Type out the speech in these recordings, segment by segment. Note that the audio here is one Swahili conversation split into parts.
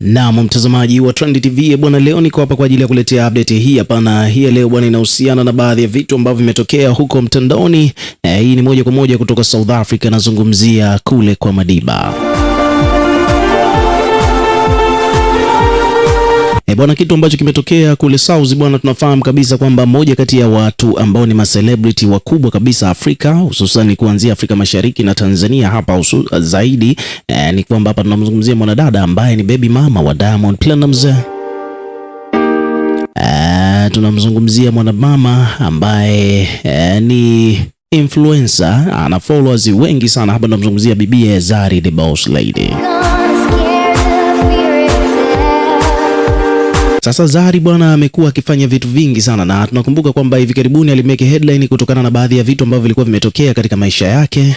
Naam, mtazamaji wa Trend TV eh, bwana, leo niko hapa kwa ajili ya kuletea update hii hapa, na hii leo bwana inahusiana na baadhi ya vitu ambavyo vimetokea huko mtandaoni. Eh, hii ni moja kwa moja kutoka South Africa, nazungumzia kule kwa Madiba. E bwana, kitu ambacho kimetokea kule South bwana, tunafahamu kabisa kwamba moja kati ya watu ambao ni macelebrity wakubwa kabisa Afrika, hususan kuanzia Afrika Mashariki na Tanzania hapa usu, eh, zaidi e, ni kwamba hapa tunamzungumzia mwanadada ambaye ni baby mama wa Diamond Platnumz. Uh, tunamzungumzia mwanamama ambaye uh, ni influencer ana followers wengi sana hapa. Tunamzungumzia bibia Zari the Boss Lady. Sasa Zari bwana amekuwa akifanya vitu vingi sana, na tunakumbuka kwamba hivi karibuni alimeke headline kutokana na baadhi ya vitu ambavyo vilikuwa vimetokea katika maisha yake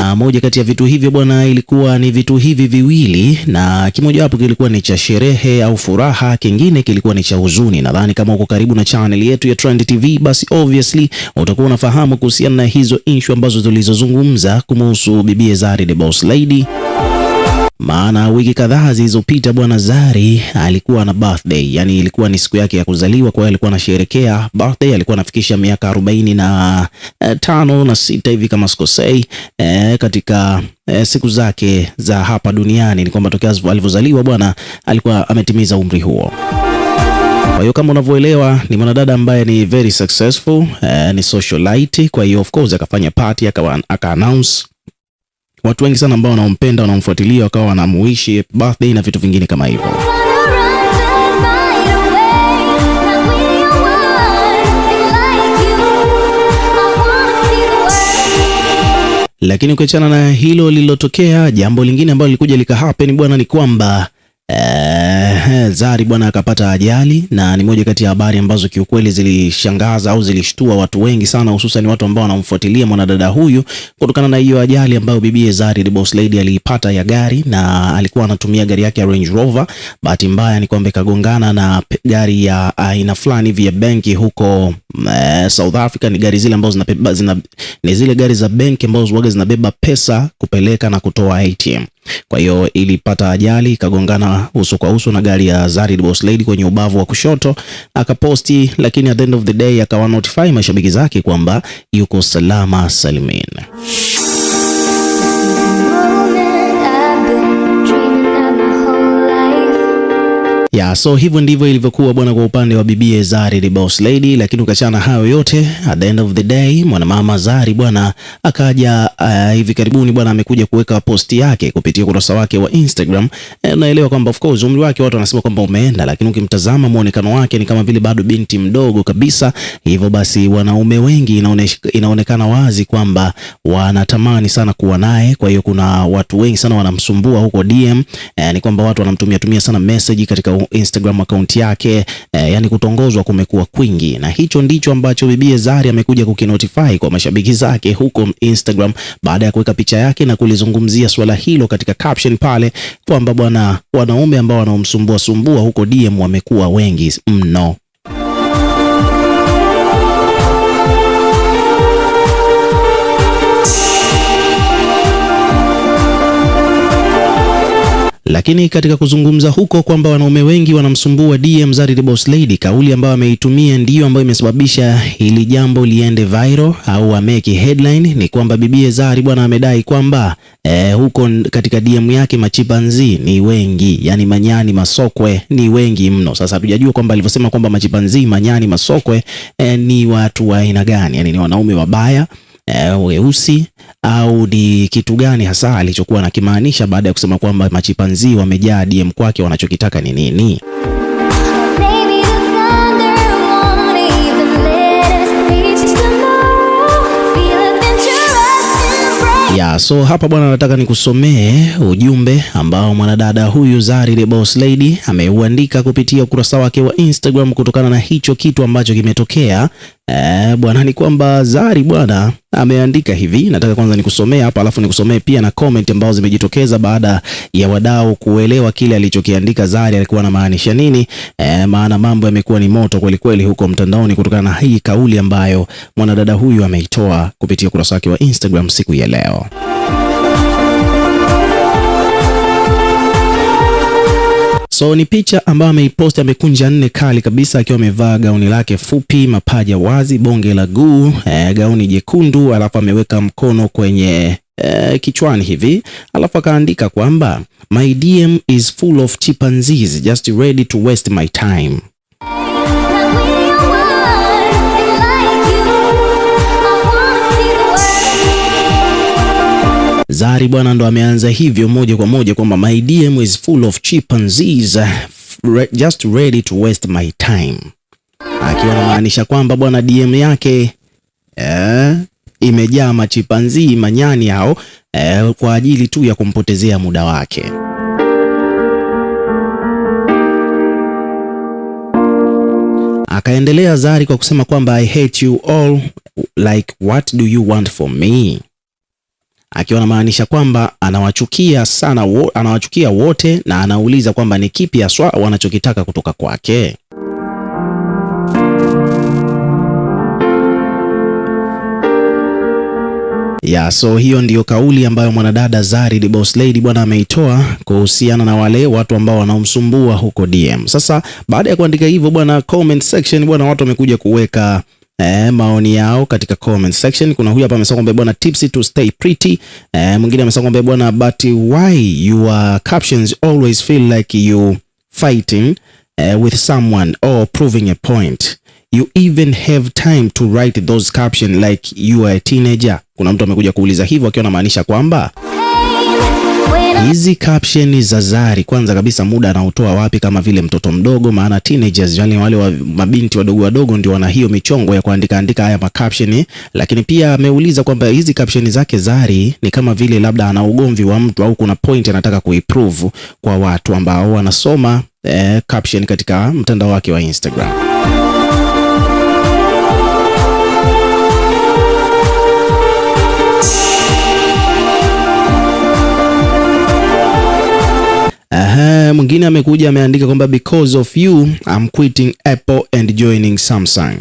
na moja kati ya vitu hivyo bwana, ilikuwa ni vitu hivi viwili, na kimojawapo kilikuwa ni cha sherehe au furaha, kingine kilikuwa ni cha huzuni. Nadhani kama uko karibu na channel yetu ya Trend TV, basi obviously utakuwa unafahamu kuhusiana na hizo issue ambazo tulizozungumza kumhusu bibie Zari the Boss Lady maana wiki kadhaa zilizopita bwana Zari alikuwa na birthday, yani ilikuwa ni siku yake ya kuzaliwa, kwa hiyo alikuwa anasherekea birthday. Alikuwa anafikisha miaka arobaini na e, tano na sita hivi kama sikosei e, katika e, siku zake za hapa duniani ni kwamba tokea alivyozaliwa bwana alikuwa ametimiza umri huo. Kwa hiyo kama unavyoelewa ni mwanadada ambaye ni very successful eh, ni socialite. Kwa hiyo of course akafanya party akawa aka announce watu wengi sana ambao wanampenda wanamfuatilia wakawa wanamuishi birthday na vitu vingine kama hivyo. Lakini ukiachana na hilo lililotokea, jambo lingine ambalo lilikuja happen bwana ni kwamba Eh, eh, Zari bwana akapata ajali na ni moja kati ya habari ambazo kiukweli zilishangaza au zilishtua watu wengi sana, hususan watu ambao wanamfuatilia mwanadada huyu kutokana na hiyo ajali ambayo bibi Zari the boss lady aliipata ya gari, na alikuwa anatumia gari yake ya Range Rover. Bahati mbaya ni kwamba ikagongana na gari ya aina fulani vya benki huko eh, South Africa. Ni gari zile ambazo zinabeba zina, ni zile gari za benki ambazo zinabeba pesa kupeleka na kutoa ATM. Kwa hiyo ilipata ajali ikagongana uso kwa uso na gari ya Zarid Boss Lady kwenye ubavu wa kushoto, akaposti, lakini at the end of the day akawa notify mashabiki zake kwamba yuko salama salimin. Ya, so hivyo ndivyo ilivyokuwa bwana, kwa upande wa bibie Zari the Boss Lady. Lakini ukachana hayo yote, at the end of the day mwanamama Zari bwana akaja uh, hivi karibuni bwana amekuja kuweka posti yake kupitia ukurasa wake wa Instagram. E, eh, unaelewa kwamba of course umri wake watu wanasema kwamba umeenda, lakini ukimtazama muonekano wake ni kama vile bado binti mdogo kabisa. Hivyo basi wanaume wengi inaone, inaonekana wazi kwamba wanatamani sana kuwa naye. Kwa hiyo kuna watu wengi sana wanamsumbua huko DM. E, eh, ni kwamba watu wanamtumia tumia sana message katika Instagram account yake eh, yani kutongozwa kumekuwa kwingi, na hicho ndicho ambacho Bibi Zari amekuja kukinotify kwa mashabiki zake huko Instagram baada ya kuweka picha yake na kulizungumzia swala hilo katika caption pale kwamba bwana, wanaume ambao wanaomsumbua sumbua huko DM wamekuwa wengi mno. Lakini katika kuzungumza huko kwamba wanaume wengi wanamsumbua DM Zari the Boss Lady, kauli ambayo ameitumia ndiyo ambayo imesababisha hili jambo liende viral au ameki headline, ni kwamba bibie Zari bwana amedai kwamba eh, huko katika DM yake machipanzi ni wengi, yani manyani masokwe ni wengi mno. Sasa hatujajua kwamba alivyosema kwamba machipanzi, manyani, masokwe eh, ni watu wa aina gani, yani ni wanaume wabaya eh, weusi au ni kitu gani hasa alichokuwa anakimaanisha baada ya kusema kwamba machipanzi wamejaa DM kwake, wanachokitaka ni nini? ya so hapa bwana, nataka nikusomee ujumbe ambao mwanadada huyu Zari the Boss Lady ameuandika kupitia ukurasa wake wa Instagram kutokana na hicho kitu ambacho kimetokea Eh, bwana ni kwamba Zari bwana ameandika hivi, nataka kwanza nikusomee hapa, alafu nikusomee pia na comment ambazo zimejitokeza baada ya wadau kuelewa kile alichokiandika Zari alikuwa anamaanisha nini. E, maana mambo yamekuwa ni moto kweli kweli huko mtandaoni kutokana na hii kauli ambayo mwanadada huyu ameitoa kupitia ukurasa wake wa Instagram siku ya leo. So ni picha ambayo ameiposti, amekunja nne kali kabisa, akiwa amevaa gauni lake fupi, mapaja wazi, bonge la guu, eh, gauni jekundu, alafu ameweka mkono kwenye eh, kichwani hivi, alafu akaandika kwamba my DM is full of chipanzees just ready to waste my time. Zari bwana ndo ameanza hivyo moja kwa moja kwamba my DM is full of cheap uh, just ready to waste my time, akiwa anamaanisha kwamba bwana DM yake eh, imejaa machipanzi manyani hao eh, kwa ajili tu ya kumpotezea muda wake. Akaendelea Zari kwa kusema kwamba I hate you all like what do you want from me akiwa anamaanisha kwamba anawachukia sana wo, anawachukia wote na anauliza kwamba ni kipi haswa wanachokitaka kutoka kwake. Ya, so hiyo ndiyo kauli ambayo mwanadada the Boss Lady bwana ameitoa kuhusiana na wale watu ambao wanaomsumbua huko DM. Sasa baada ya kuandika hivyo bwana, comment section bwana, watu wamekuja kuweka eh, maoni yao katika comment section. Kuna huyu hapa amesema kwamba bwana tips to stay pretty. Eh, mwingine amesema kwamba bwana but why your captions always feel like you fighting eh, with someone or proving a point you even have time to write those caption like you are a teenager. Kuna mtu amekuja kuuliza hivyo akiwa anamaanisha kwamba Hizi caption za Zari, kwanza kabisa muda anaotoa wapi? Kama vile mtoto mdogo, maana teenagers, yani wale wa mabinti wadogo wadogo ndio wana hiyo michongo ya kuandika andika haya caption. Lakini pia ameuliza kwamba hizi caption zake Zari ni kama vile labda ana ugomvi wa mtu au kuna point anataka kuiprove kwa watu ambao wanasoma eh, caption katika mtandao wake wa Instagram. Aha, mwingine amekuja ameandika kwamba because of you I'm quitting Apple and joining Samsung.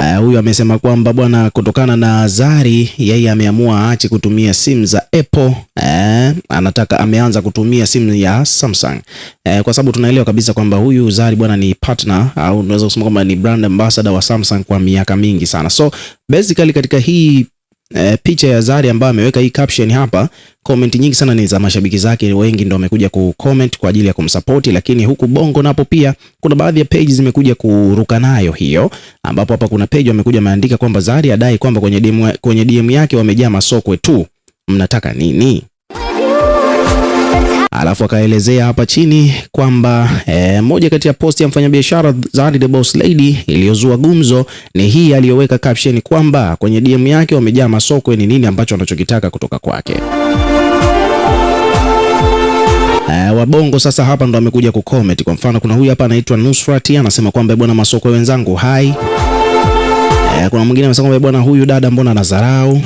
Uh, huyu amesema kwamba bwana, kutokana na Azari, yeye ameamua aache kutumia simu za Apple eh, anataka ameanza kutumia simu ya Samsung eh, kwa sababu tunaelewa kabisa kwamba huyu zari bwana ni partner au unaweza kusema kwamba ni brand ambassador wa Samsung kwa miaka mingi sana. So basically katika hii Eh, picha ya Zari ambayo ameweka hii caption hapa. Comment nyingi sana ni za mashabiki zake, wengi ndio wamekuja ku comment kwa ajili ya kumsupport, lakini huku Bongo napo pia kuna baadhi ya page zimekuja kuruka nayo hiyo, ambapo hapa kuna page wamekuja maandika kwamba Zari adai kwamba kwenye DM, kwenye DM yake wamejaa masokwe tu, mnataka nini? alafu akaelezea hapa chini kwamba e, moja kati ya posti ya mfanyabiashara Zari the Boss Lady iliyozua gumzo ni hii aliyoweka caption kwamba kwenye DM yake wamejaa masokwe, ni nini ambacho anachokitaka kutoka kwake. Uh, wabongo sasa hapa ndo amekuja kucomment. Kwa mfano kuna huyu hapa anaitwa Nusrati anasema kwamba bwana masoko wenzangu hai. Uh, kuna mwingine amesema kwamba bwana huyu dada mbona anadharau.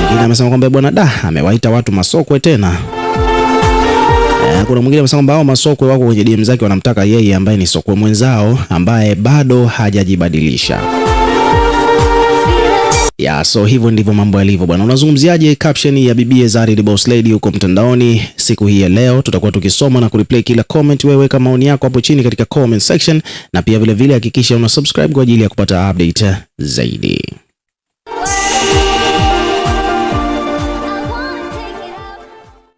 Mwingine amesema kwamba bwana da amewaita watu masokwe tena. Eh, kuna mwingine amesema kwamba hao masokwe wako kwenye DM zake wanamtaka yeye ambaye ni sokwe mwenzao ambaye bado hajajibadilisha. Ya, so hivyo ndivyo mambo yalivyo bwana. Unazungumziaje caption ya bibie Zari the Boss Lady huko mtandaoni siku hii ya leo? Tutakuwa tukisoma na kureplay kila comment. Wewe weka maoni yako hapo chini katika comment section, na pia vilevile hakikisha una subscribe kwa ajili ya kupata update zaidi.